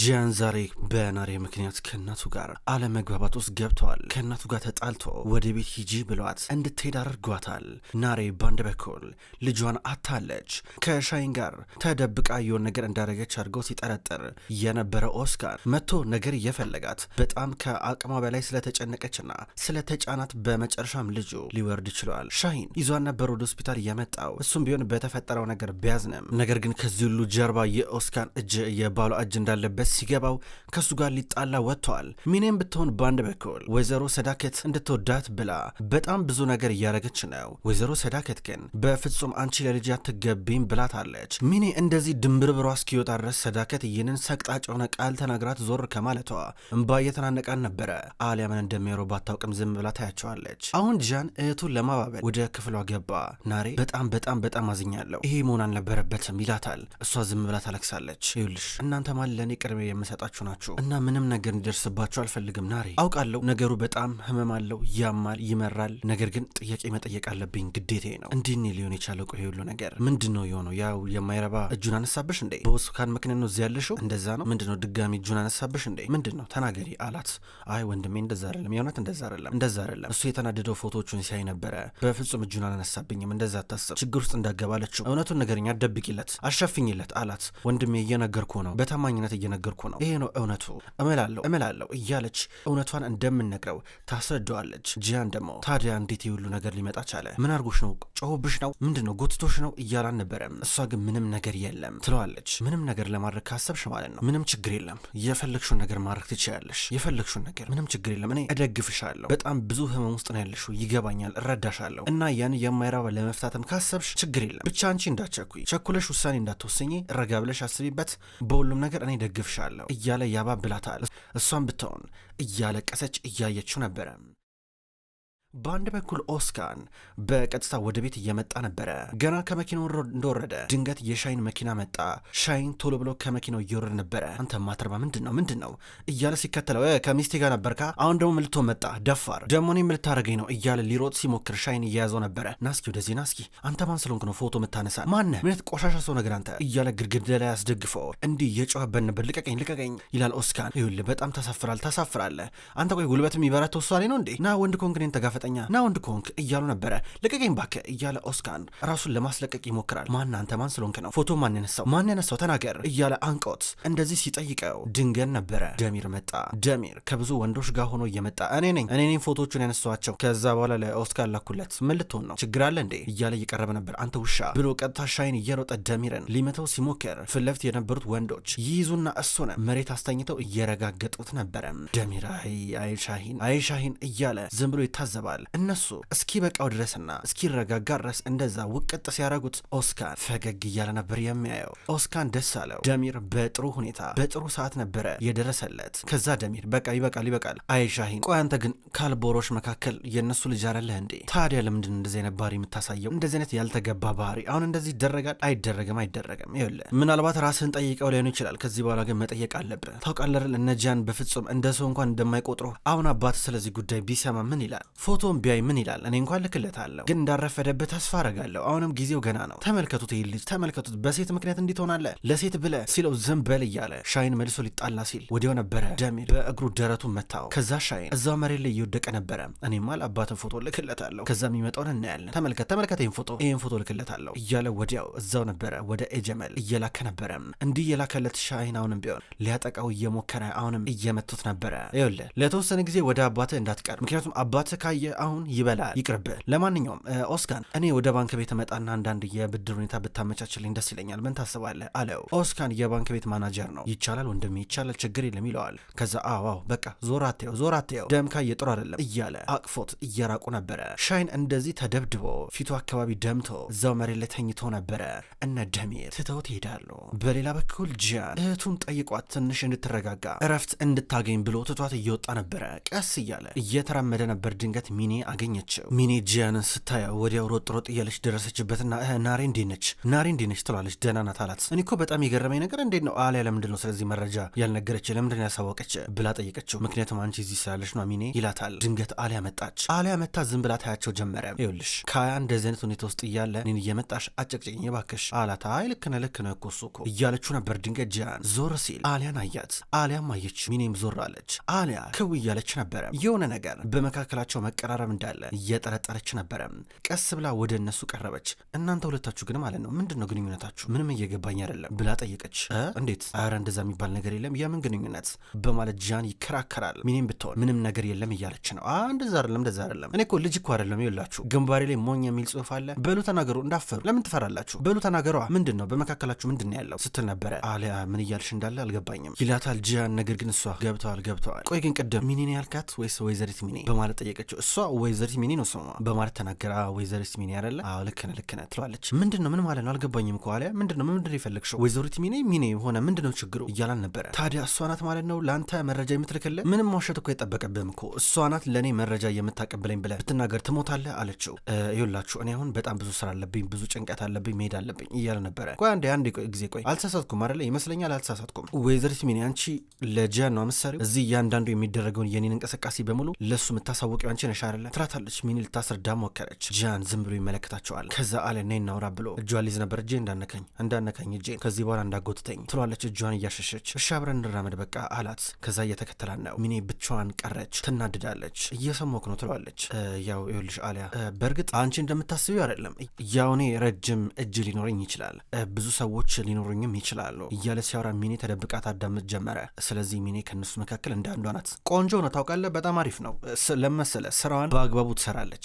ጂያን ዛሬ በናሬ ምክንያት ከእናቱ ጋር አለመግባባት ውስጥ ገብተዋል። ከእናቱ ጋር ተጣልቶ ወደ ቤት ሂጂ ብሏት እንድትሄድ አድርጓታል። ናሬ በንድ በኩል ልጇን አታለች፣ ከሻይን ጋር ተደብቃ የሆነ ነገር እንዳደረገች አድርገው ሲጠረጥር የነበረ ኦስካር መጥቶ ነገር እየፈለጋት በጣም ከአቅማ በላይ ስለተጨነቀችና ስለተጫናት በመጨረሻም ልጁ ሊወርድ ችሏል። ሻይን ይዟን ነበር ወደ ሆስፒታል የመጣው እሱም ቢሆን በተፈጠረው ነገር ቢያዝንም፣ ነገር ግን ከዚህ ሁሉ ጀርባ የኦስካር እጅ የባሏ እጅ እንዳለ እንዳለበት ሲገባው ከእሱ ጋር ሊጣላ ወጥቷል። ሚኔም ብትሆን በአንድ በኩል ወይዘሮ ሰዳከት እንድትወዳት ብላ በጣም ብዙ ነገር እያደረገች ነው። ወይዘሮ ሰዳከት ግን በፍጹም አንቺ ለልጅ አትገቢም ብላታለች። ሚኔ እንደዚህ ድንብርብሯ እስኪወጣ ድረስ ሰዳከት ይህንን ሰቅጣጭ የሆነ ቃል ተናግራት ዞር ከማለቷ እምባ እየተናነቃን ነበረ። አሊያምን እንደሚሮ ባታውቅም ዝም ብላ ታያቸዋለች። አሁን ጃን እህቱን ለማባበል ወደ ክፍሏ ገባ። ናሬ በጣም በጣም በጣም አዝኛለሁ፣ ይሄ መሆን አልነበረበትም ይላታል። እሷ ዝም ብላ ታለቅሳለች። ይኸውልሽ እናንተ ማን ለእኔ ከቅርቤ የምሰጣችሁ ናችሁ እና ምንም ነገር እንዲደርስባችሁ አልፈልግም። ናሬ አውቃለሁ ነገሩ በጣም ህመም አለው፣ ያማል፣ ይመራል። ነገር ግን ጥያቄ መጠየቅ አለብኝ፣ ግዴታ ነው። እንዲህ ሊሆን የቻለው ቆይ ሁሉ ነገር ምንድን ነው የሆነው? ያው የማይረባ እጁን አነሳብሽ እንዴ? በሆስፒታል ምክንያት ነው እዚህ ያለሽው? እንደዛ ነው? ምንድን ነው ድጋሚ እጁን አነሳብሽ እንዴ? ምንድን ነው ተናገሪ አላት። አይ ወንድሜ፣ እንደዛ አይደለም፣ የእውነት እንደዛ አይደለም፣ እንደዛ አይደለም። እሱ የተናደደው ፎቶዎቹን ሲያይ ነበረ። በፍጹም እጁን አላነሳብኝም፣ እንደዛ አታስብ፣ ችግር ውስጥ እንዳገባለችው እውነቱን ነገርኛ፣ ደብቂለት፣ አሸፍኝለት አላት። ወንድሜ እየነገርኩ ነው በታማኝነት እየነገርኩ ነው፣ ይሄ ነው እውነቱ እምላለሁ እምላለሁ እያለች እውነቷን እንደምንነግረው ታስረዳዋለች። ጂያን ደግሞ ታዲያ እንዴት የሁሉ ነገር ሊመጣ ቻለ? ምን አርጎሽ ነው? ጮሆብሽ ነው? ምንድን ነው ጎትቶሽ ነው? እያለ አልነበረም። እሷ ግን ምንም ነገር የለም ትለዋለች። ምንም ነገር ለማድረግ ካሰብሽ ማለት ነው ምንም ችግር የለም፣ የፈለግሽውን ነገር ማድረግ ትችያለሽ፣ የፈለግሽውን ነገር ምንም ችግር የለም፣ እኔ እደግፍሻለሁ። በጣም ብዙ ህመም ውስጥ ነው ያለሽው፣ ይገባኛል፣ እረዳሻለሁ። እና ያን የማይረባ ለመፍታትም ካሰብሽ ችግር የለም፣ ብቻ አንቺ እንዳትቸኩይ፣ ቸኩለሽ ውሳኔ እንዳትወሰኝ፣ ረጋ ብለሽ አስቢበት። በሁሉም ነገር እኔ ደግ ደግፍሻለሁ እያለ ያባብላታል። እሷን ብትሆን እያለቀሰች እያየችው ነበረ። በአንድ በኩል ኦስካን በቀጥታ ወደ ቤት እየመጣ ነበረ። ገና ከመኪናው እንደወረደ ድንገት የሻይን መኪና መጣ። ሻይን ቶሎ ብሎ ከመኪናው እየወረደ ነበረ። አንተ ማትረባ ምንድን ነው ምንድን ነው እያለ ሲከተለው ከሚስቴ ጋር ነበርካ፣ አሁን ደግሞ ምልቶ መጣ፣ ደፋር ደግሞ እኔ የምልታደረገኝ ነው እያለ ሊሮጥ ሲሞክር ሻይን እየያዘው ነበረ። ናስኪ ወደዚህ ናስኪ፣ አንተ ማን ስለሆንክ ነው ፎቶ የምታነሳ? ማነህ? ምነት ቆሻሻ ሰው ነገር አንተ እያለ ግድግዳ ላይ ያስደግፈው እንዲህ የጮኸበት ነበር። ልቀቀኝ ልቀቀኝ ይላል ኦስካን። ይኸውልህ በጣም ታሳፍራል ታሳፍራለህ አንተ። ቆይ ጉልበትም ይበራ ተወሳኔ ነው እንዴ? ና ወንድ ኮንግኔን ተጋፈ መፈጠኛ ና ወንድ ከሆንክ እያሉ ነበረ። ልቀቀኝ እባክህ እያለ ኦስካን ራሱን ለማስለቀቅ ይሞክራል። ማን አንተ ማን ስለሆንክ ነው? ፎቶ ማን ያነሳው? ማን ያነሳው? ተናገር እያለ አንቆት እንደዚህ ሲጠይቀው ድንገን ነበረ ደሚር መጣ። ደሚር ከብዙ ወንዶች ጋር ሆኖ እየመጣ እኔ ነኝ እኔ ነኝ ፎቶቹን ያነሳዋቸው። ከዛ በኋላ ለኦስካር ላኩለት። ምን ልትሆን ነው? ችግር አለ እንዴ እያለ እየቀረበ ነበር። አንተ ውሻ ብሎ ቀጥታ ሻይን እየሮጠ ደሚርን ሊመተው ሲሞክር ፊት ለፊት የነበሩት ወንዶች ይይዙና እሱን መሬት አስተኝተው እየረጋገጡት ነበረ። ደሚር አይ አይ ሻሂን አይ ሻሂን እያለ ዝም ብሎ ይታዘባል። ይገባል። እነሱ እስኪበቃው ድረስና እስኪረጋጋ ድረስ እንደዛ ውቅጥ ሲያደርጉት ኦስካን ፈገግ እያለ ነበር የሚያየው። ኦስካን ደስ አለው። ደሚር በጥሩ ሁኔታ በጥሩ ሰዓት ነበረ የደረሰለት። ከዛ ደሚር በቃ ይበቃል፣ ይበቃል አይሻሂን፣ ቆይ አንተ ግን ካልቦሮች መካከል የእነሱ ልጅ አለለህ እንዴ? ታዲያ ለምንድን እንደዚህ አይነት ባህሪ የምታሳየው? እንደዚህ አይነት ያልተገባ ባህሪ አሁን እንደዚህ ይደረጋል? አይደረግም፣ አይደረግም። ይለ ምናልባት ራስህን ጠይቀው ላይሆን ይችላል። ከዚህ በኋላ ግን መጠየቅ አለብህ። ታውቃለህ አይደል እነ በፍጹም እንደ ሰው እንኳን እንደማይቆጥሩ አሁን አባት ስለዚህ ጉዳይ ቢሰማ ምን ይላል? ፎቶን ቢያይ ምን ይላል? እኔ እንኳን ልክለታለሁ፣ ግን እንዳረፈደበት ተስፋ አረጋለሁ። አሁንም ጊዜው ገና ነው። ተመልከቱት፣ ይህ ልጅ ተመልከቱት። በሴት ምክንያት እንዲት ሆናለህ? ለሴት ብለ ሲለው ዝም በል እያለ ሻይን መልሶ ሊጣላ ሲል ወዲያው ነበረ ጀሚል በእግሩ ደረቱ መታው። ከዛ ሻይን እዛው መሬት ላይ እየወደቀ ነበረ። እኔ ማል አባትን ፎቶ ልክለታለሁ፣ ከዛ የሚመጣውን እናያለን። ተመልከት፣ ተመልከት፣ ይህን ፎቶ ይህን ፎቶ ልክለታለሁ እያለ ወዲያው እዛው ነበረ ወደ ኤጀመል እየላከ ነበረ። እንዲህ እየላከለት ሻይን አሁንም ቢሆን ሊያጠቃው እየሞከረ አሁንም እየመቱት ነበረ። ይኸውልህ ለተወሰነ ጊዜ ወደ አባትህ እንዳትቀር፣ ምክንያቱም አባትህ ካየ አሁን ይበላል ይቅርብ ለማንኛውም ኦስካን እኔ ወደ ባንክ ቤት መጣና አንዳንድ የብድር ሁኔታ ብታመቻችልኝ ደስ ይለኛል። ምን ታስባለህ አለው። ኦስካን የባንክ ቤት ማናጀር ነው። ይቻላል ወንድሜ ይቻላል፣ ችግር የለም ይለዋል። ከዛ አዋው በቃ ዞር አትየው ዞር አትየው ደምካ ጥሩ አይደለም እያለ አቅፎት እየራቁ ነበረ። ሻይን እንደዚህ ተደብድቦ ፊቱ አካባቢ ደምቶ እዛው መሬት ላይ ተኝቶ ነበረ። እነ ደሜር ትተውት ይሄዳሉ። በሌላ በኩል ጂያን እህቱን ጠይቋት ትንሽ እንድትረጋጋ እረፍት እንድታገኝ ብሎ ትቷት እየወጣ ነበረ። ቀስ እያለ እየተራመደ ነበር ድንገት ሚኔ አገኘችው። ሚኔ ጂያን ስታየው ወዲያው ሮጥ ሮጥ እያለች ደረሰችበትና ናሬ እንዴት ነች? ናሬ እንዴት ነች ትሏለች። ደህና ናት አላት። እኔ እኮ በጣም የገረመኝ ነገር እንዴት ነው አሊያ ለምንድን ነው ስለዚህ መረጃ ያልነገረች ለምንድን ያሳወቀች ብላ ጠየቀችው። ምክንያቱም አንቺ እዚህ ስላለች ነው ሚኔ ይላታል። ድንገት አሊያ መጣች። አሊያ መታ ዝም ብላ ታያቸው ጀመረ። ይኸውልሽ ካያ እንደዚህ አይነት ሁኔታ ውስጥ እያለ እኔን እየመጣሽ አጨቅጭቅኝ ባክሽ አላት። አይ ልክ ነህ ልክ ነህ እኮ እሱ እኮ እያለችው ነበር። ድንገት ጂያን ዞር ሲል አሊያን አያት። አሊያም አየች። ሚኔም ዞር አለች። አሊያ ክው እያለች ነበረ። የሆነ ነገር በመካከላቸው መቀ አቀራረብ እንዳለ እየጠረጠረች ነበረ። ቀስ ብላ ወደ እነሱ ቀረበች። እናንተ ሁለታችሁ ግን ማለት ነው ምንድን ነው ግንኙነታችሁ? ምንም እየገባኝ አይደለም ብላ ጠየቀች። እንዴት? አረ እንደዛ የሚባል ነገር የለም የምን ግንኙነት በማለት ጃን ይከራከራል። ሚኔም ብትሆን ምንም ነገር የለም እያለች ነው። እንደዛ አይደለም እንደዛ አይደለም እኔ እኮ ልጅ እኮ አይደለም ይላችሁ ግንባሬ ላይ ሞኝ የሚል ጽሁፍ አለ። በሉ ተናገሩ፣ እንዳፈሩ ለምን ትፈራላችሁ? በሉ ተናገሯ። ምንድን ነው በመካከላችሁ ምንድን ነው ያለው ስትል ነበረ። አሊያ ምን እያልሽ እንዳለ አልገባኝም ይላታል ጃን። ነገር ግን እሷ ገብተዋል ገብተዋል። ቆይ ግን ቅድም ሚኔን ያልካት ወይስ ወይዘሪት ሚኔ በማለት ጠየቀችው። እሷ ወይዘር ሲሚኒ ነው ስሟ በማለት ተናገረ። ወይዘር ሚኒ አይደለ? አዎ ልክ ነህ ልክ ነህ ትለዋለች። ምንድን ነው ምን ማለት ነው አልገባኝም እኮ አሊያ ምንድን ነው ምንድን ነው የፈለግሽው? ሚኒ ሚኒ ሆነ ምንድን ነው ችግሩ እያላን ነበረ። ታዲያ እሷ ናት ማለት ነው ለአንተ መረጃ የምትልክልህ? ምንም ዋሸት እኮ የጠበቀብህም እኮ እሷ ናት ለእኔ መረጃ የምታቀብለኝ ብለህ ብትናገር ትሞታለህ አለችው። ይኸውላችሁ እኔ አሁን በጣም ብዙ ስራ አለብኝ፣ ብዙ ጭንቀት አለብኝ፣ መሄድ አለብኝ እያለ ነበረ። ቆይ አንዴ አንዴ ጊዜ ቆይ አልተሳሳትኩም አይደለ? ይመስለኛል አልተሳሳትኩም። ወይዘሪት ሲሚኒ አንቺ ለጂያን ነው እዚህ እያንዳንዱ የሚደረገውን የኔን እንቅስቃሴ በሙሉ ለእሱ የምታሳወቂው አንቺ ነሽ ታውቂያለሽ አይደለ ትላታለች። ሚኒ ልታስረዳ ሞከረች። ጂያን ዝም ብሎ ይመለከታቸዋል። ከዛ አለ እኔ እናውራ ብሎ እጇን ሊዝ ነበር። እጄ እንዳነካኝ እንዳነካኝ እጄን ከዚህ በኋላ እንዳጎትተኝ ትሏለች፣ እጇን እያሸሸች። እሺ አብረን እንራመድ በቃ አላት። ከዛ እየተከተላን ነው። ሚኒ ብቻዋን ቀረች። ትናድዳለች። እየሰሞክ ነው ትሏለች። ያው ይኸውልሽ አሊያ፣ በእርግጥ አንቺ እንደምታስቢው አይደለም። ያው እኔ ረጅም እጅ ሊኖረኝ ይችላል፣ ብዙ ሰዎች ሊኖሩኝም ይችላሉ እያለ ሲያወራ ሚኒ ተደብቃ ታዳምጥ ጀመረ። ስለዚህ ሚኒ ከእነሱ መካከል እንደ ናት። ቆንጆ ነው ታውቃለህ፣ በጣም አሪፍ ነው ለመሰለ ስራዋን በአግባቡ ትሰራለች።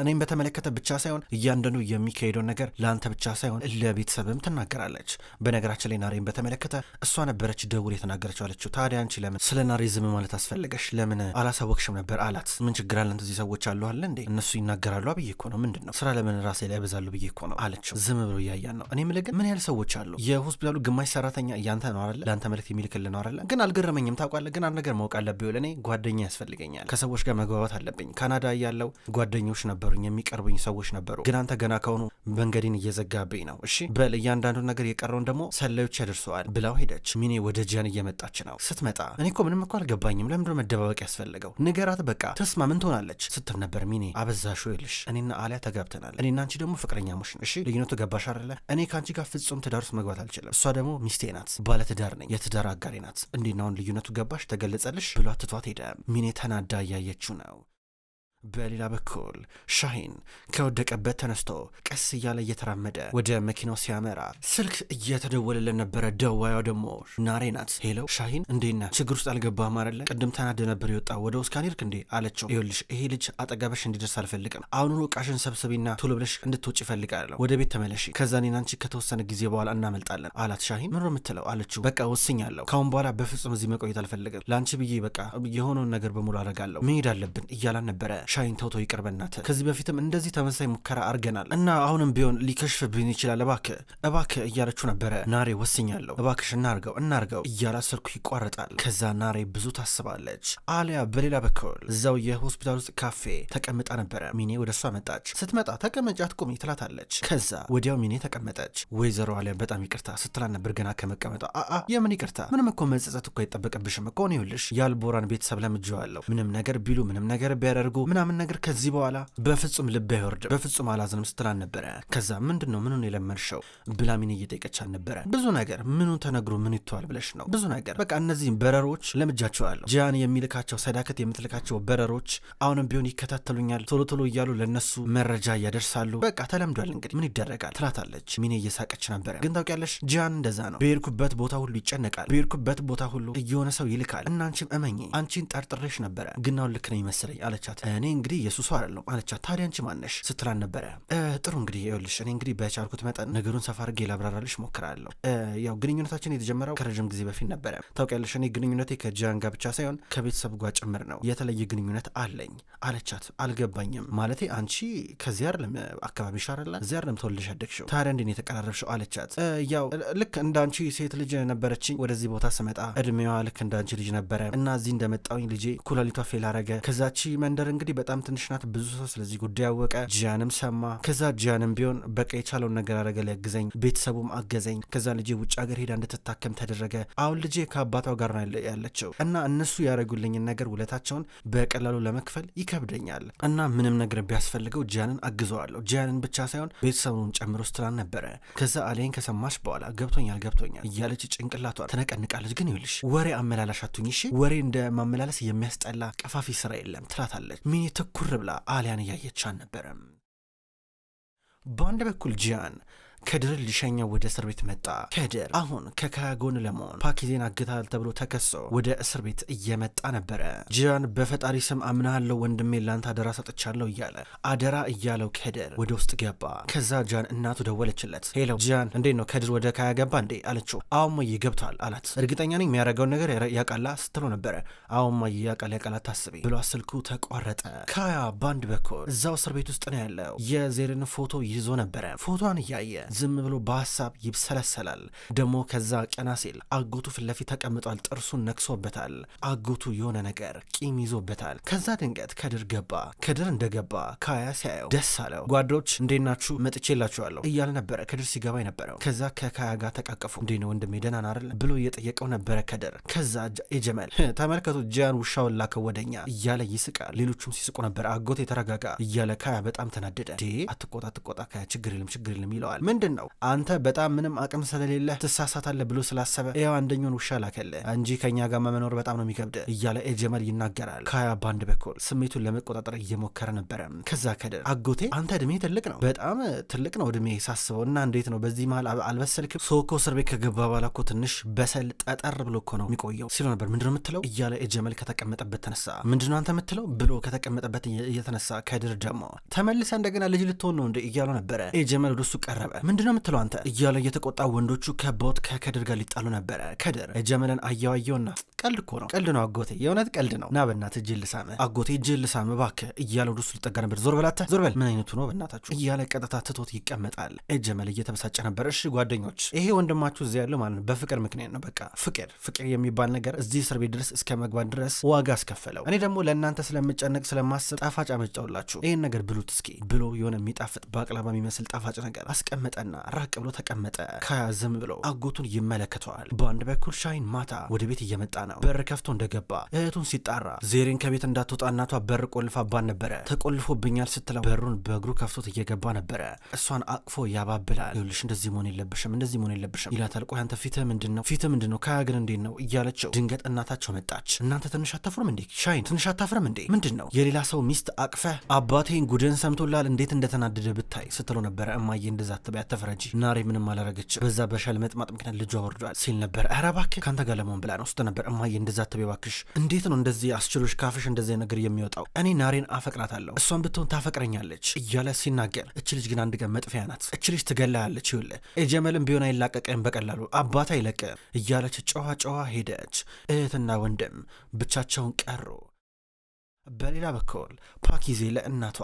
እኔም በተመለከተ ብቻ ሳይሆን እያንዳንዱ የሚካሄደውን ነገር ለአንተ ብቻ ሳይሆን ለቤተሰብም ትናገራለች። በነገራችን ላይ ናሬን በተመለከተ እሷ ነበረች ደውል የተናገረችው አለችው። ታዲያ አንቺ ለምን ስለ ናሬ ዝም ማለት አስፈለገሽ? ለምን አላሳወቅሽም ነበር አላት። ምን ችግር አለን? እዚህ ሰዎች አሉ አለ እንዴ እነሱ ይናገራሉ ብዬ እኮ ነው። ምንድን ነው ስራ ለምን ራሴ ላይ ያበዛሉ ብዬ እኮ ነው አለችው። ዝም ብሎ እያያን ነው። እኔ የምልህ ግን ምን ያህል ሰዎች አሉ? የሆስፒታሉ ግማሽ ሰራተኛ እያንተ ነው አለ ለአንተ መልእክት የሚልክልን አለ። ግን አልገረመኝም ታውቃለህ። ግን አንድ ነገር ማወቅ አለብህ። እኔ ጓደኛ ያስፈልገኛል፣ ከሰዎች ጋር መግባባት አለብኝ ነበረኝ። ካናዳ እያለው ጓደኞች ነበሩኝ፣ የሚቀርቡኝ ሰዎች ነበሩ። ግን አንተ ገና ከሆኑ መንገድን እየዘጋብኝ ነው። እሺ በል እያንዳንዱ ነገር የቀረውን ደግሞ ሰላዮች ያደርሰዋል ብላው ሄደች። ሚኔ ወደ ጂያን እየመጣች ነው። ስትመጣ እኔ እኮ ምንም እኮ አልገባኝም፣ ለምንድ መደባበቅ ያስፈለገው? ንገራት በቃ ተስማ ምን ትሆናለች ስትል ነበር ሚኔ። አበዛሹ ይልሽ እኔና አሊያ ተጋብተናል። እኔና አንቺ ደግሞ ፍቅረኛሞች ነው። እሺ ልዩነቱ ገባሽ አይደለ? እኔ ከአንቺ ጋር ፍጹም ትዳር ውስጥ መግባት አልችልም። እሷ ደግሞ ሚስቴ ናት፣ ባለትዳር ነኝ፣ የትዳር አጋሬ ናት። እንዲናውን ልዩነቱ ገባሽ ተገለጸልሽ ብሎ ትቷት ሄደ። ሚኔ ተናዳ እያየችው ነው። በሌላ በኩል ሻሂን ከወደቀበት ተነስቶ ቀስ እያለ እየተራመደ ወደ መኪናው ሲያመራ ስልክ እየተደወለለን ነበረ። ደዋዩ ደግሞ ናሬ ናት። ሄሎ ሻሂን፣ እንዴና ችግር ውስጥ አልገባህም አይደለ? ቅድም ተናደ ነበር የወጣ ወደ ውስጥ ካልሄድክ እንዴ አለችው። ይኸውልሽ ይሄ ልጅ አጠገበሽ እንዲደርስ አልፈልግም። አሁኑኑ ዕቃሽን ሰብስቢና ቶሎ ብለሽ እንድትወጪ እፈልጋለሁ። ወደ ቤት ተመለሺ። ከዛ እኔና አንቺ ከተወሰነ ጊዜ በኋላ እናመልጣለን አላት። ሻሂን ምሮ የምትለው አለችው። በቃ ወስኛለሁ። ካሁን በኋላ በፍጹም እዚህ መቆየት አልፈልግም። ለአንቺ ብዬ በቃ የሆነውን ነገር በሙሉ አደርጋለሁ። መሄድ አለብን እያላን ነበረ ሻይን ተውቶ ይቅርበናት። ከዚህ በፊትም እንደዚህ ተመሳይ ሙከራ አርገናል እና አሁንም ቢሆን ሊከሽፍብን ይችላል። እባክ እባክ እያለችው ነበረ። ናሬ ወስኛለሁ፣ እባክሽ እናርገው እናርገው እያላ ስልኩ ይቋረጣል። ከዛ ናሬ ብዙ ታስባለች። አሊያ በሌላ በኩል እዛው የሆስፒታል ውስጥ ካፌ ተቀምጣ ነበረ። ሚኔ ወደ እሷ መጣች። ስትመጣ ተቀመጭ አትቁሚ ትላታለች። ከዛ ወዲያው ሚኔ ተቀመጠች። ወይዘሮ አሊያ በጣም ይቅርታ ስትላን ነበር ገና ከመቀመጧ። አአ የምን ይቅርታ? ምንም እኮ መጸጸት እኮ አይጠበቅብሽም እኮ። ይኸውልሽ የአልቦራን ቤተሰብ ለምጄዋለሁ። ምንም ነገር ቢሉ ምንም ነገር ቢያደርጉ ምናምን ምናምን ነገር ከዚህ በኋላ በፍጹም ልብ አይወርድም፣ በፍጹም አላዝንም ስትላን ነበረ። ከዛ ምንድን ነው ምኑን የለመድሸው ብላሚን እየጠየቀቻን ነበረ። ብዙ ነገር ምኑ ተነግሮ ምን ይተዋል ብለሽ ነው ብዙ ነገር በቃ እነዚህም በረሮች ለምጃቸዋለሁ። ጂያን የሚልካቸው ሰዳከት የምትልካቸው በረሮች አሁንም ቢሆን ይከታተሉኛል ቶሎ ቶሎ እያሉ ለነሱ መረጃ እያደርሳሉ። በቃ ተለምዷል እንግዲህ ምን ይደረጋል ትላታለች። ሚኔ እየሳቀች ነበረ። ግን ታውቂያለሽ ጂያን እንደዛ ነው፣ በሄድኩበት ቦታ ሁሉ ይጨነቃል፣ በሄድኩበት ቦታ ሁሉ እየሆነ ሰው ይልካል እና አንቺም እመኝ አንቺን ጠርጥሬሽ ነበረ፣ ግን አሁን ልክ ነው ይመስለኝ አለቻት። እኔ እንግዲህ ኢየሱስ አይደለም አለቻት። ታዲያ አንቺ ማነሽ ስትላን ነበረ። ጥሩ እንግዲህ ይኸውልሽ እኔ እንግዲህ በቻልኩት መጠን ነገሩን ሰፋ አድርጌ ላብራራልሽ ሞክራለሁ። ያው ግንኙነታችን የተጀመረው ከረዥም ጊዜ በፊት ነበረ። ታውቂያለሽ እኔ ግንኙነቴ ከጂያን ጋር ብቻ ሳይሆን ከቤተሰብ ጋር ጭምር ነው። የተለየ ግንኙነት አለኝ አለቻት። አልገባኝም ማለቴ አንቺ ከዚህ አይደለም አካባቢሽ አይደለ እዚህ አይደለም ተወልደሽ ያደግሽው ታዲያ እንዴት ነው የተቀራረብሽው አለቻት። ያው ልክ እንደ አንቺ ሴት ልጅ ነበረችኝ። ወደዚህ ቦታ ስመጣ እድሜዋ ልክ እንደ አንቺ ልጅ ነበረ እና እዚህ እንደመጣውኝ ልጄ ኩላሊቷ ፌል አረገ። ከዛቺ መንደር እንግዲህ በጣም ትንሽ ናት፣ ብዙ ሰው ስለዚህ ጉዳይ አወቀ። ጂያንም ሰማ። ከዛ ጂያንም ቢሆን በቃ የቻለውን ነገር አረገ፣ ሊያግዘኝ ቤተሰቡም አገዘኝ። ከዛ ልጄ ውጭ ሀገር ሄዳ እንድትታከም ተደረገ። አሁን ልጄ ከአባቷ ጋር ነው ያለችው እና እነሱ ያደረጉልኝን ነገር ውለታቸውን በቀላሉ ለመክፈል ይከብደኛል እና ምንም ነገር ቢያስፈልገው ጂያንን አግዘዋለሁ። ጂያንን ብቻ ሳይሆን ቤተሰቡን ጨምሮ ስትላን ነበረ። ከዛ አሌን ከሰማች በኋላ ገብቶኛል ገብቶኛል እያለች ጭንቅላቷ ተነቀንቃለች። ግን ይኸውልሽ ወሬ አመላላሽ አቱኝ፣ እሺ ወሬ እንደ ማመላለስ የሚያስጠላ ቀፋፊ ስራ የለም ትላታለች። ሚኒ ትኩር ብላ አሊያን እያየች አልነበረም። በአንድ በኩል ጂያን ከድር ሊሸኘው ወደ እስር ቤት መጣ። ከድር አሁን ከካያ ጎን ለመሆን ፓኪዜን አግታል ተብሎ ተከሶ ወደ እስር ቤት እየመጣ ነበረ። ጂያን በፈጣሪ ስም አምናሃለው ወንድሜ፣ ላንተ አደራ ሰጥቻለሁ እያለ አደራ እያለው ከድር ወደ ውስጥ ገባ። ከዛ ጃን እናቱ ደወለችለት። ሄሎ ጂያን፣ እንዴት ነው ከድር ወደ ካያ ገባ እንዴ አለችው። አዎማዬ ገብቷል አላት። እርግጠኛ ነኝ የሚያደርገውን ነገር ያቃላ ስትሎ ነበረ። አዎማዬ ያቃል ያቃላ ታስቤ ብሎ ስልኩ ተቋረጠ። ካያ በአንድ በኩል እዛው እስር ቤት ውስጥ ነው ያለው። የዜርን ፎቶ ይዞ ነበረ። ፎቶን እያየ ዝም ብሎ በሀሳብ ይብሰለሰላል። ደግሞ ከዛ ቀና ሲል አጎቱ ፊት ለፊት ተቀምጧል። ጥርሱን ነክሶበታል። አጎቱ የሆነ ነገር ቂም ይዞበታል። ከዛ ድንገት ከድር ገባ። ከድር እንደገባ ካያ ሲያየው ደስ አለው። ጓዶች እንዴት ናችሁ? መጥቼላችኋለሁ እያለ ነበረ ከድር ሲገባ የነበረው። ከዛ ከካያ ጋር ተቃቀፉ። እንዴ ነው ወንድሜ ደህና ነህ አይደል ብሎ እየጠየቀው ነበረ ከድር። ከዛ የጀመል ተመልከቱ ጂያን ውሻውን ላከው ወደኛ እያለ ይስቃል። ሌሎቹም ሲስቁ ነበር። አጎቴ ተረጋጋ እያለ ካያ በጣም ተናደደ። እንዴ አትቆጣ አትቆጣ ካያ ችግር የለም ችግር የለም ይለዋል። ምንድን ነው አንተ በጣም ምንም አቅም ስለሌለ ትሳሳታለ ብሎ ስላሰበ ያው አንደኛውን ውሻ ላከለ እንጂ ከእኛ ጋር መኖር በጣም ነው የሚከብድ እያለ ኤልጀመል ይናገራል። ካያ ባንድ በኩል ስሜቱን ለመቆጣጠር እየሞከረ ነበረ። ከዛ ከድር አጎቴ አንተ እድሜ ትልቅ ነው፣ በጣም ትልቅ ነው እድሜ ሳስበው እና እንዴት ነው በዚህ መሀል አልበሰልክም? ሶኮ እስር ቤት ከገባ በኋላ እኮ ትንሽ በሰል ጠጠር ብሎ እኮ ነው የሚቆየው ሲሉ ነበር። ምንድነው የምትለው እያለ ኤልጀመል ከተቀመጠበት ተነሳ። ምንድነው አንተ የምትለው ብሎ ከተቀመጠበት እየተነሳ ከድር ደግሞ ተመልሰ እንደገና ልጅ ልትሆን ነው እንደ እያሉ ነበረ። ኤጀመል ወደሱ ቀረበ። ምንድነው የምትለው አንተ እያለ እየተቆጣ ወንዶቹ ከቦት ከከድር ጋር ሊጣሉ ነበረ። ከድር ጀመለን አየዋየውና ቀልድ እኮ ነው፣ ቀልድ ነው አጎቴ፣ የእውነት ቀልድ ነው። ና በእናትህ እጅ ልሳመ አጎቴ፣ እጅ ልሳመ እባክህ እያለ ወደ እሱ ሊጠጋ ነበር። ዞር በላተ፣ ዞር በል፣ ምን አይነቱ ነው በእናታችሁ እያለ ቀጥታ ትቶት ይቀመጣል። ጀመል እየተበሳጨ ነበር። እሺ ጓደኞች፣ ይሄ ወንድማችሁ እዚያ ያለው ማለት ነው በፍቅር ምክንያት ነው። በቃ ፍቅር ፍቅር የሚባል ነገር እዚህ እስር ቤት ድረስ እስከ መግባት ድረስ ዋጋ አስከፈለው። እኔ ደግሞ ለእናንተ ስለምጨነቅ ስለማስብ ጣፋጭ አመጫውላችሁ ይህን ነገር ብሉት እስኪ ብሎ የሆነ የሚጣፍጥ ባቅላባ የሚመስል ጣፋጭ ነገር አስቀመጠና ራቅ ብሎ ተቀመጠ። ከዝም ብሎ አጎቱን ይመለከተዋል። በአንድ በኩል ሻይን ማታ ወደ ቤት እየመጣ ነው። ነው። በር ከፍቶ እንደገባ እህቱን ሲጣራ ዜሬን ከቤት እንዳትወጣ እናቷ በር ቆልፋባን ነበረ። ተቆልፎብኛል ስትለው በሩን በእግሩ ከፍቶት እየገባ ነበረ። እሷን አቅፎ ያባብላል። ይኸውልሽ እንደዚህ መሆን የለብሽም እንደዚህ መሆን የለብሽም ይላታል። ቆይ አንተ ፊትህ ምንድን ነው? ፊትህ ምንድን ነው? ከሀገር እንዴት ነው እያለችው ድንገት እናታቸው መጣች። እናንተ ትንሽ አታፍሩም እንዴ? ሻይን ትንሽ አታፍርም እንዴ? ምንድን ነው የሌላ ሰው ሚስት አቅፈህ አባቴን ጉድን ሰምቶላል እንዴት እንደተናደደ ብታይ ስትለው ነበረ። እማዬ እንደዛ አትበይ አትፈረጂ፣ ናሬ ምንም አላረገችም በዛ በሻል መጥማጥ ምክንያት ልጇ ወርዷል ሲል ነበር። ኧረ እባክህ ከአንተ ጋር ለመሆን ብላ ነው ስትል ነበር እማዬ እንደዛ ተቤባክሽ እንዴት ነው እንደዚህ አስችሎሽ ካፍሽ እንደዚህ ነገር የሚወጣው? እኔ ናሬን አፈቅራታለሁ እሷን ብትሆን ታፈቅረኛለች እያለ ሲናገር፣ እች ልጅ ግን አንድ ቀን መጥፊያ ናት፣ እች ልጅ ትገላለች። ይውል የጀመልም ቢሆን አይላቀቅም በቀላሉ አባት አይለቅም እያለች ጨዋ ጨዋ ሄደች። እህትና ወንድም ብቻቸውን ቀሩ። በሌላ በኩል ፓኪዜ ለእናቷ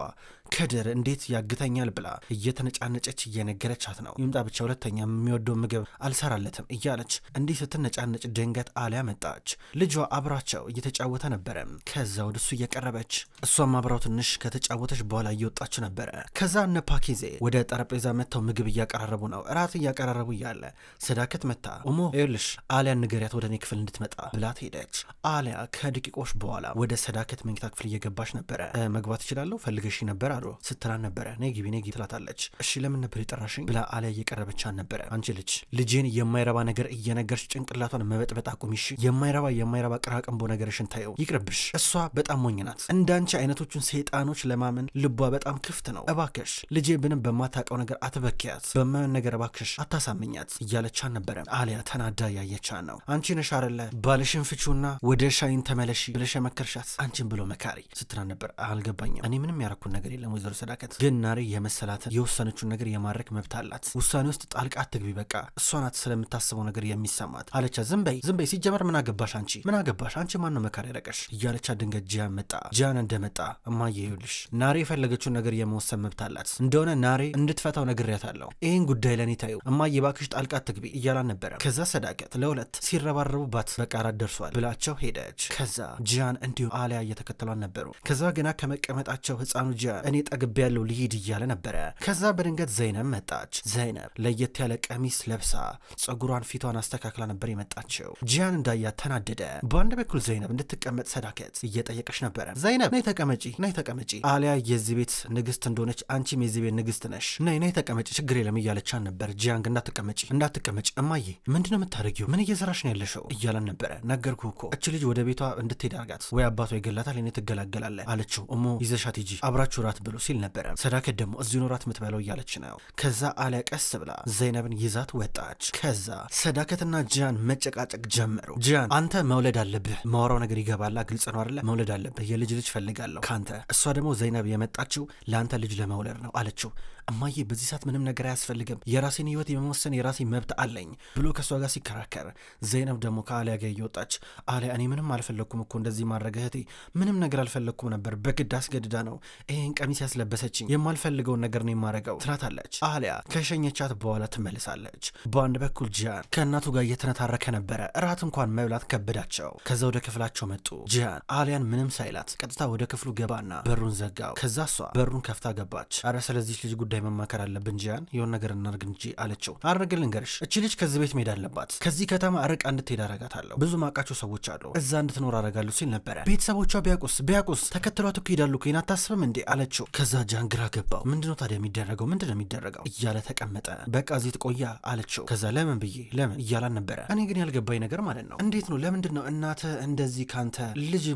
ከድር እንዴት ያግተኛል ብላ እየተነጫነጨች እየነገረቻት ነው። ይምጣ ብቻ ሁለተኛ የሚወደው ምግብ አልሰራለትም እያለች እንዲህ ስትነጫነጭ ድንገት አሊያ መጣች። ልጇ አብራቸው እየተጫወተ ነበረ። ከዛ ወደ እሱ እየቀረበች እሷም አብራው ትንሽ ከተጫወተች በኋላ እየወጣች ነበረ። ከዛ እነ ፓኪዜ ወደ ጠረጴዛ መጥተው ምግብ እያቀራረቡ ነው። እራት እያቀራረቡ እያለ ሰዳከት መታ። ሞ ይኸውልሽ አሊያ ንገሪያት ወደ እኔ ክፍል እንድትመጣ ብላት ሄደች። አሊያ ከደቂቆች በኋላ ወደ ሰዳከት መኝታ ክፍል እየገባሽ ነበረ። መግባት ይችላለሁ ፈልገሽ ነበር አሉ ስትላን ነበረ። ነይ ግቢ ነይ ግቢ ትላታለች። እሺ ለምን ነበር የጠራሽኝ ብላ አሊያ እየቀረበቻን ነበረ። አንቺ ልጅ ልጄን የማይረባ ነገር እየነገርሽ ጭንቅላቷን መበጥበጥ አቁሚሽ። የማይረባ የማይረባ ቅራቅንቦ ነገርሽን ታየው ይቅርብሽ። እሷ በጣም ሞኝ ናት። እንዳንቺ አይነቶቹን ሰይጣኖች ለማመን ልቧ በጣም ክፍት ነው። እባክሽ ልጄ ምንም በማታውቀው ነገር አትበኪያት። በማይሆን ነገር እባክሽ አታሳምኛት እያለቻን ነበረ። አሊያ ተናዳ ያየቻን ነው። አንቺ ነሽ አይደለ ባልሽን ፍቹና ወደ ሻይን ተመለሺ ብለሽ መከርሻት አንቺን ብሎ መከ ጥንካሬ ስትላን ነበር። አልገባኝም። እኔ ምንም ያረኩን ነገር የለም። ወይዘሮ ሰዳከት ግን ናሬ የመሰላትን የወሰነችውን ነገር የማድረግ መብት አላት። ውሳኔ ውስጥ ጣልቃ ትግቢ፣ በቃ እሷ ናት ስለምታስበው ነገር የሚሰማት አለቻ። ዝም በይ ዝም በይ፣ ሲጀመር ምን አገባሽ አንቺ፣ ምን አገባሽ አንቺ፣ ማን ነው መካሪ ያረቀሽ እያለቻ ድንገት ጂያን መጣ። ጂያን እንደመጣ እማዬ ይኸውልሽ፣ ናሬ የፈለገችውን ነገር የመወሰን መብት አላት እንደሆነ ናሬ እንድትፈታው ነግሬያታለሁ። ይህን ጉዳይ ለእኔ ታዩ፣ እማዬ እባክሽ ጣልቃ ትግቢ እያላን ነበረ። ከዛ ሰዳከት ለሁለት ሲረባረቡባት በቃራት ደርሷል ብላቸው ሄደች። ከዛ ጂያን እንዲሁም አሊያ እየተከተሏ ነበሩ። ከዛ ገና ከመቀመጣቸው ህፃኑ ጃ እኔ ጠግብ ያለው ልሂድ እያለ ነበረ። ከዛ በድንገት ዘይነብ መጣች። ዘይነብ ለየት ያለ ቀሚስ ለብሳ ጸጉሯን፣ ፊቷን አስተካክላ ነበር የመጣችው። ጂያን እንዳያት ተናደደ። በአንድ በኩል ዘይነብ እንድትቀመጥ ሰዳከት እየጠየቀች ነበረ። ዘይነብ ነይ ተቀመጪ፣ ነይ ተቀመጪ፣ አሊያ የዚህ ቤት ንግስት እንደሆነች አንቺም የዚህ ቤት ንግስት ነሽ፣ ነይ ነይ ተቀመጪ፣ ችግር የለም እያለቻን ነበር። ጂያን እንዳትቀመጪ፣ እንዳትቀመጪ፣ እማዬ ምንድነው የምታደርጊው? ምን እየሰራሽ ነው ያለሽው? እያለን ነበረ። ነገርኩ እኮ እች ልጅ ወደ ቤቷ እንድትሄድ አርጋት፣ ወይ አባቷ ይገላታል ኔ ትገላገላለህ አለችው። እሞ ይዘሻት ሂጂ አብራችሁ ራት ብሎ ሲል ነበረ። ሰዳከት ደግሞ እዚሁ ኖራት የምትበለው እያለች ነው። ከዛ አሊያ ቀስ ብላ ዘይነብን ይዛት ወጣች። ከዛ ሰዳከትና ጂያን መጨቃጨቅ ጀመሩ። ጂያን አንተ መውለድ አለብህ፣ ማወራው ነገር ይገባላ፣ ግልጽ ነው አለ። መውለድ አለብህ፣ የልጅ ልጅ ፈልጋለሁ ከአንተ። እሷ ደግሞ ዘይነብ የመጣችው ለአንተ ልጅ ለመውለድ ነው አለችው። እማዬ በዚህ ሰዓት ምንም ነገር አያስፈልግም፣ የራሴን ህይወት የመወሰን የራሴ መብት አለኝ ብሎ ከእሷ ጋር ሲከራከር፣ ዘይነብ ደግሞ ከአሊያ ጋር እየወጣች አሊያ፣ እኔ ምንም አልፈለግኩም እኮ እንደዚህ ማድረግ እህቴ፣ ምንም ነገር አልፈለግኩም ነበር፣ በግድ አስገድዳ ነው ይህን ቀሚስ ያስለበሰችኝ፣ የማልፈልገውን ነገር ነው የማረገው ትላታለች። አሊያ ከሸኘቻት በኋላ ትመልሳለች። በአንድ በኩል ጂያን ከእናቱ ጋር እየተነታረከ ነበረ። እራት እንኳን መብላት ከበዳቸው። ከዛ ወደ ክፍላቸው መጡ። ጂያን አሊያን ምንም ሳይላት ቀጥታ ወደ ክፍሉ ገባና በሩን ዘጋው። ከዛ እሷ በሩን ከፍታ ገባች። አረ ስለዚህ ልጅ ጉዳይ መማከር አለብን እንጂ የሆን ነገር እናርግ እንጂ አለችው። አድርግ ልንገርሽ፣ እቺ ልጅ ከዚህ ቤት መሄድ አለባት። ከዚህ ከተማ ርቃ እንድትሄድ አረጋታለሁ። ብዙ ማቃቸው ሰዎች አሉ፣ እዛ እንድትኖር አረጋለሁ ሲል ነበረ። ቤተሰቦቿ ቢያቁስ ቢያቁስ ተከትሏት እኮ ይሄዳሉ እኮ ይሄን አታስብም እንዴ አለችው። ከዛ ጃን ግራ ገባው። ምንድነው ታዲያ የሚደረገው? ምንድነው የሚደረገው እያለ ተቀመጠ። በቃ እዚህ ትቆያ አለችው። ከዛ ለምን ብዬ ለምን እያላን ነበረ። እኔ ግን ያልገባኝ ነገር ማለት ነው እንዴት ነው ለምንድን ነው እናተ እንደዚህ ካንተ ልጅ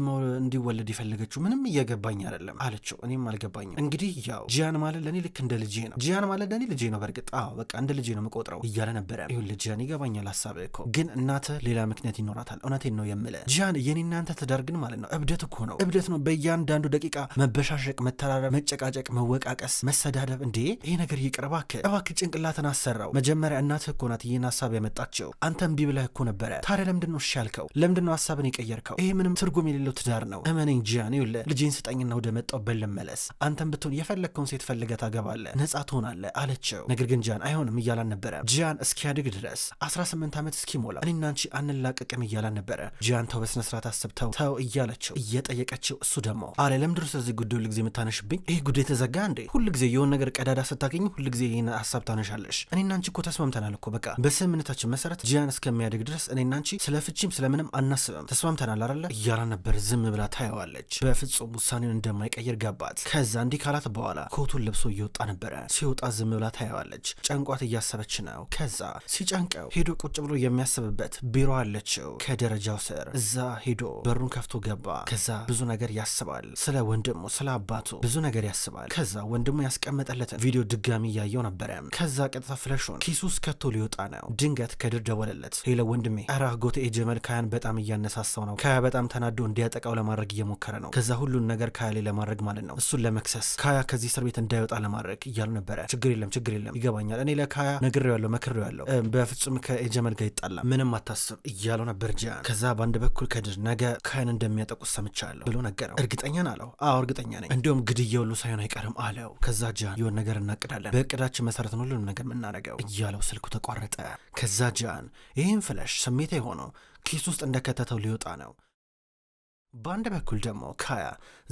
እንዲወለድ የፈለገችው? ምንም እየገባኝ አይደለም አለችው። እኔም አልገባኝም። እንግዲህ ያው ጂያን ማለት ለእኔ ልክ እንደ ልጄ ነው ጂያን ማለት ለእኔ ልጄ ነው። በእርግጥ አዎ በቃ እንደ ልጄ ነው የምቆጥረው እያለ ነበረ። ይሁን ልጅያን፣ ይገባኛል ሀሳብ እኮ ግን እናተ ሌላ ምክንያት ይኖራታል። እውነቴን ነው የምለ ጂያን፣ የኔ እናንተ ትዳር ግን ማለት ነው እብደት እኮ ነው እብደት ነው። በእያንዳንዱ ደቂቃ መበሻሸቅ፣ መተራረብ፣ መጨቃጨቅ፣ መወቃቀስ፣ መሰዳደብ። እንዴ ይሄ ነገር ይቅር እባክህ እባክህ፣ ጭንቅላትን አሰራው። መጀመሪያ እናትህ እኮ ናት ይህን ሀሳብ ያመጣችው። አንተ እምቢ ብለህ እኮ ነበረ። ታዲያ ለምንድን ነው እሺ ያልከው? ለምንድን ነው ሀሳብን የቀየርከው? ይሄ ምንም ትርጉም የሌለው ትዳር ነው። እመነኝ ጂያን፣ ይኸውልህ ልጄን ስጠኝና ወደ መጣሁበት ልመለስ። አንተም ብትሆን የፈለግከውን ሴት ፈልገህ ታገባለህ ነፃ ትሆናለ አለችው። ነገር ግን ጃን አይሆንም እያላን ነበረ። ጃን እስኪያድግ ድረስ 18 ዓመት እስኪሞላ እኔና አንቺ አንላቀቅም እያላን ነበረ። ጃን ተው በስነ ስርዓት አስብ ተው ተው እያለችው እየጠየቀችው፣ እሱ ደግሞ አለ ለምድር ስለዚህ ጉዳይ ጊዜ የምታነሽብኝ ይህ ጉዳይ የተዘጋ እንዴ? ጊዜ የሆነ ነገር ቀዳዳ ስታገኝ ጊዜ ይህን ሀሳብ ታነሻለሽ። እኔና አንቺ እኮ ተስማምተናል እኮ በቃ በስምምነታችን መሰረት ጃን እስከሚያድግ ድረስ እኔና አንቺ ስለ ፍቺም ስለምንም አናስብም ተስማምተናል አለ እያላን ነበር። ዝም ብላ ታየዋለች። በፍጹም ውሳኔውን እንደማይቀይር ገባት። ከዛ እንዲህ ካላት በኋላ ኮቱን ለብሶ እየወጣ ነበር ነበረ። ሲወጣ ዝም ብላ ታየዋለች። ጨንቋት እያሰበች ነው። ከዛ ሲጨንቀው ሄዶ ቁጭ ብሎ የሚያስብበት ቢሮ አለችው ከደረጃው ስር። እዛ ሄዶ በሩን ከፍቶ ገባ። ከዛ ብዙ ነገር ያስባል። ስለ ወንድሙ፣ ስለ አባቱ ብዙ ነገር ያስባል። ከዛ ወንድሙ ያስቀመጠለትን ቪዲዮ ድጋሚ እያየው ነበረ። ከዛ ቀጥታ ፍለሹን ኪሱ ውስጥ ከቶ ሊወጣ ነው። ድንገት ከድር ደወለለት። ሄሎ ወንድሜ፣ ኧረ ጎቴ ጀመል ካያን በጣም እያነሳሳው ነው። ካያ በጣም ተናዶ እንዲያጠቃው ለማድረግ እየሞከረ ነው። ከዛ ሁሉን ነገር ካያ ላይ ለማድረግ ማለት ነው፣ እሱን ለመክሰስ ካያ ከዚህ እስር ቤት እንዳይወጣ ለማድረግ እያሉ ነበረ። ችግር የለም ችግር የለም ይገባኛል፣ እኔ ለካያ ነግሬዋለሁ፣ ያለው በፍጹም ከጀመል ጋር ይጣላ ምንም አታስብ እያለው ነበር ጂያን። ከዛ በአንድ በኩል ከድር ነገ ካያን እንደሚያጠቁት ሰምቻለሁ ብሎ ነገረው። እርግጠኛ አለው። አዎ እርግጠኛ ነኝ፣ እንዲሁም ግድያ ሁሉ ሳይሆን አይቀርም አለው። ከዛ ጂያን የሆን ነገር እናቅዳለን፣ በእቅዳችን መሰረት ነው ሁሉንም ነገር የምናደርገው እያለው ስልኩ ተቋረጠ። ከዛ ጂያን ይህን ፍለሽ ስሜት የሆነው ኪስ ውስጥ እንደከተተው ሊወጣ ነው በአንድ በኩል ደግሞ ካያ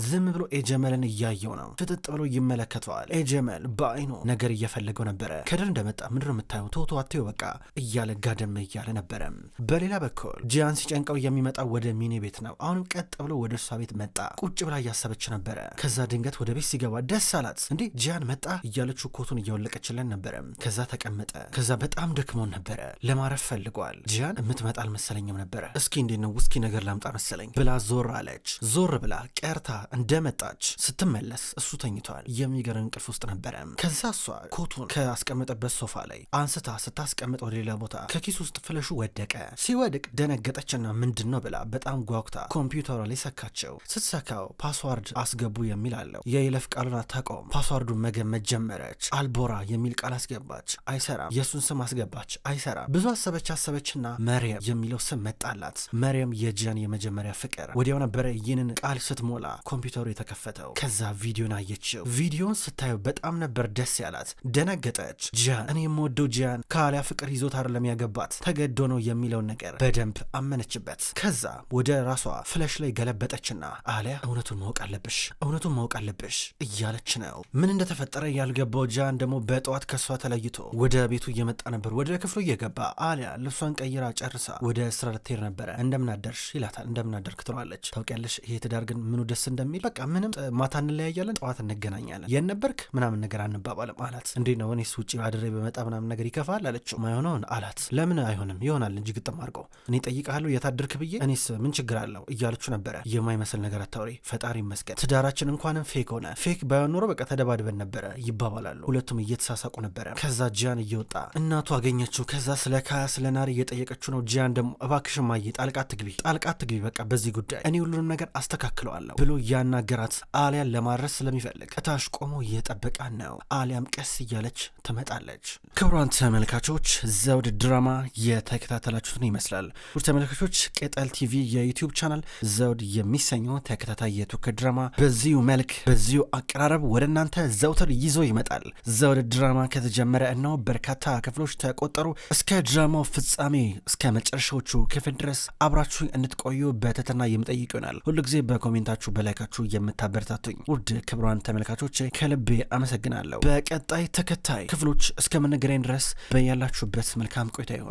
ዝም ብሎ ኤጀመልን እያየው ነው። ፍጥጥ ብሎ ይመለከተዋል። ኤጀመል በአይኑ ነገር እየፈለገው ነበረ። ከድር እንደመጣ ምድር ነው የምታየው? ቶቶ አትዮ በቃ እያለ ጋደም እያለ ነበረ። በሌላ በኩል ጂያን ሲጨንቀው የሚመጣ ወደ ሚኔ ቤት ነው። አሁንም ቀጥ ብሎ ወደ እሷ ቤት መጣ። ቁጭ ብላ እያሰበች ነበረ። ከዛ ድንገት ወደ ቤት ሲገባ ደስ አላት። እንዲህ ጂያን መጣ እያለች ኮቱን እያወለቀችለን ነበረ። ከዛ ተቀመጠ። ከዛ በጣም ደክሞን ነበረ። ለማረፍ ፈልጓል። ጂያን የምትመጣ አልመሰለኝም ነበረ። እስኪ እንዴት ነው ውስኪ ነገር ላምጣ መሰለኝ ብላ ዞራ አለች። ዞር ብላ ቀርታ እንደመጣች ስትመለስ እሱ ተኝቷል። የሚገርም እንቅልፍ ውስጥ ነበረ። ከዛ እሷ ኮቱን ከአስቀመጠበት ሶፋ ላይ አንስታ ስታስቀምጥ ወደ ሌላ ቦታ ከኪስ ውስጥ ፍለሹ ወደቀ። ሲወድቅ ደነገጠችና ምንድን ነው ብላ በጣም ጓጉታ ኮምፒውተሯ ላይ ሰካቸው። ስትሰካው ፓስዋርድ አስገቡ የሚል አለው። የይለፍ ቃሉን አታውቀውም። ፓስዋርዱን መገመት ጀመረች። አልቦራ የሚል ቃል አስገባች፣ አይሰራም። የእሱን ስም አስገባች፣ አይሰራም። ብዙ አሰበች አሰበችና መርየም የሚለው ስም መጣላት። መርየም የጂያን የመጀመሪያ ፍቅር ወዲያ ቪዲዮ ነበረ ይህንን ቃል ስትሞላ ኮምፒውተሩ የተከፈተው። ከዛ ቪዲዮን አየችው። ቪዲዮን ስታየው በጣም ነበር ደስ ያላት፣ ደነገጠች። ጂያን እኔ የምወደው ጂያን ከአሊያ ፍቅር ይዞት አይደለም ያገባት ተገዶ ነው የሚለውን ነገር በደንብ አመነችበት። ከዛ ወደ ራሷ ፍለሽ ላይ ገለበጠችና አሊያ እውነቱን ማወቅ አለብሽ፣ እውነቱን ማወቅ አለብሽ እያለች ነው። ምን እንደተፈጠረ ያልገባው ጂያን ደግሞ በጠዋት ከሷ ተለይቶ ወደ ቤቱ እየመጣ ነበር። ወደ ክፍሉ እየገባ አሊያ ልብሷን ቀይራ ጨርሳ ወደ ስራ ልትሄድ ነበረ። እንደምናደርሽ ይላታል። እንደምናደርክ ትለዋለች። ትላለች። ታውቂያለሽ ይሄ ትዳር ግን ምኑ ደስ እንደሚል በቃ ምንም ማታ እንለያያለን፣ ጠዋት እንገናኛለን፣ የት ነበርክ ምናምን ነገር አንባባልም አላት። እንዴ ነው እኔስ ውጭ አድሬ በመጣ ምናምን ነገር ይከፋል አለችው። ማይሆነውን አላት። ለምን አይሆንም ይሆናል እንጂ ግጥም አድርገው እኔ ጠይቃለሁ የታድርክ ብዬ እኔስ ምን ችግር አለው እያለች ነበረ። የማይመስል ነገር አታውሪ። ፈጣሪ ይመስገን ትዳራችን እንኳንም ፌክ ሆነ። ፌክ ባይሆን ኖሮ በቃ ተደባድበን ነበረ ይባባላሉ። ሁለቱም እየተሳሳቁ ነበረ። ከዛ ጂያን እየወጣ እናቱ አገኘችው። ከዛ ስለ ካያ ስለ ናሪ እየጠየቀችው ነው። ጂያን ደግሞ ማየ ጣልቃ ትግቢ፣ ጣልቃ ትግቢ በቃ በዚህ ጉዳይ እኔ ሁሉንም ነገር አስተካክለዋለሁ ብሎ ያናገራት አሊያን ለማድረስ ስለሚፈልግ እታሽ ቆሞ እየጠበቃ ነው። አሊያም ቀስ እያለች ትመጣለች። ክቡራን ተመልካቾች ዘውድ ድራማ የተከታተላችሁትን ይመስላል። ውድ ተመልካቾች ቅጠል ቲቪ የዩቲዩብ ቻናል ዘውድ የሚሰኘው ተከታታይ የቱርክ ድራማ በዚሁ መልክ በዚሁ አቀራረብ ወደ እናንተ ዘውትር ይዞ ይመጣል። ዘውድ ድራማ ከተጀመረ እነው በርካታ ክፍሎች ተቆጠሩ። እስከ ድራማው ፍጻሜ እስከ መጨረሻዎቹ ክፍል ድረስ አብራችሁ እንድትቆዩ በትህትና የምጠይቅ የምጠይቅ ይሆናል። ሁሉ ጊዜ በኮሜንታችሁ በላይካችሁ የምታበረታቱኝ ውድ ክብሯን ተመልካቾች ከልቤ አመሰግናለሁ። በቀጣይ ተከታይ ክፍሎች እስከምንገናኝ ድረስ በያላችሁበት መልካም ቆይታ ይሆን።